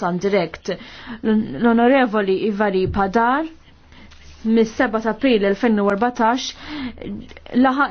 tan direkt l-onorevoli Ivari Padar mis-7 ta' april 2014 laħaq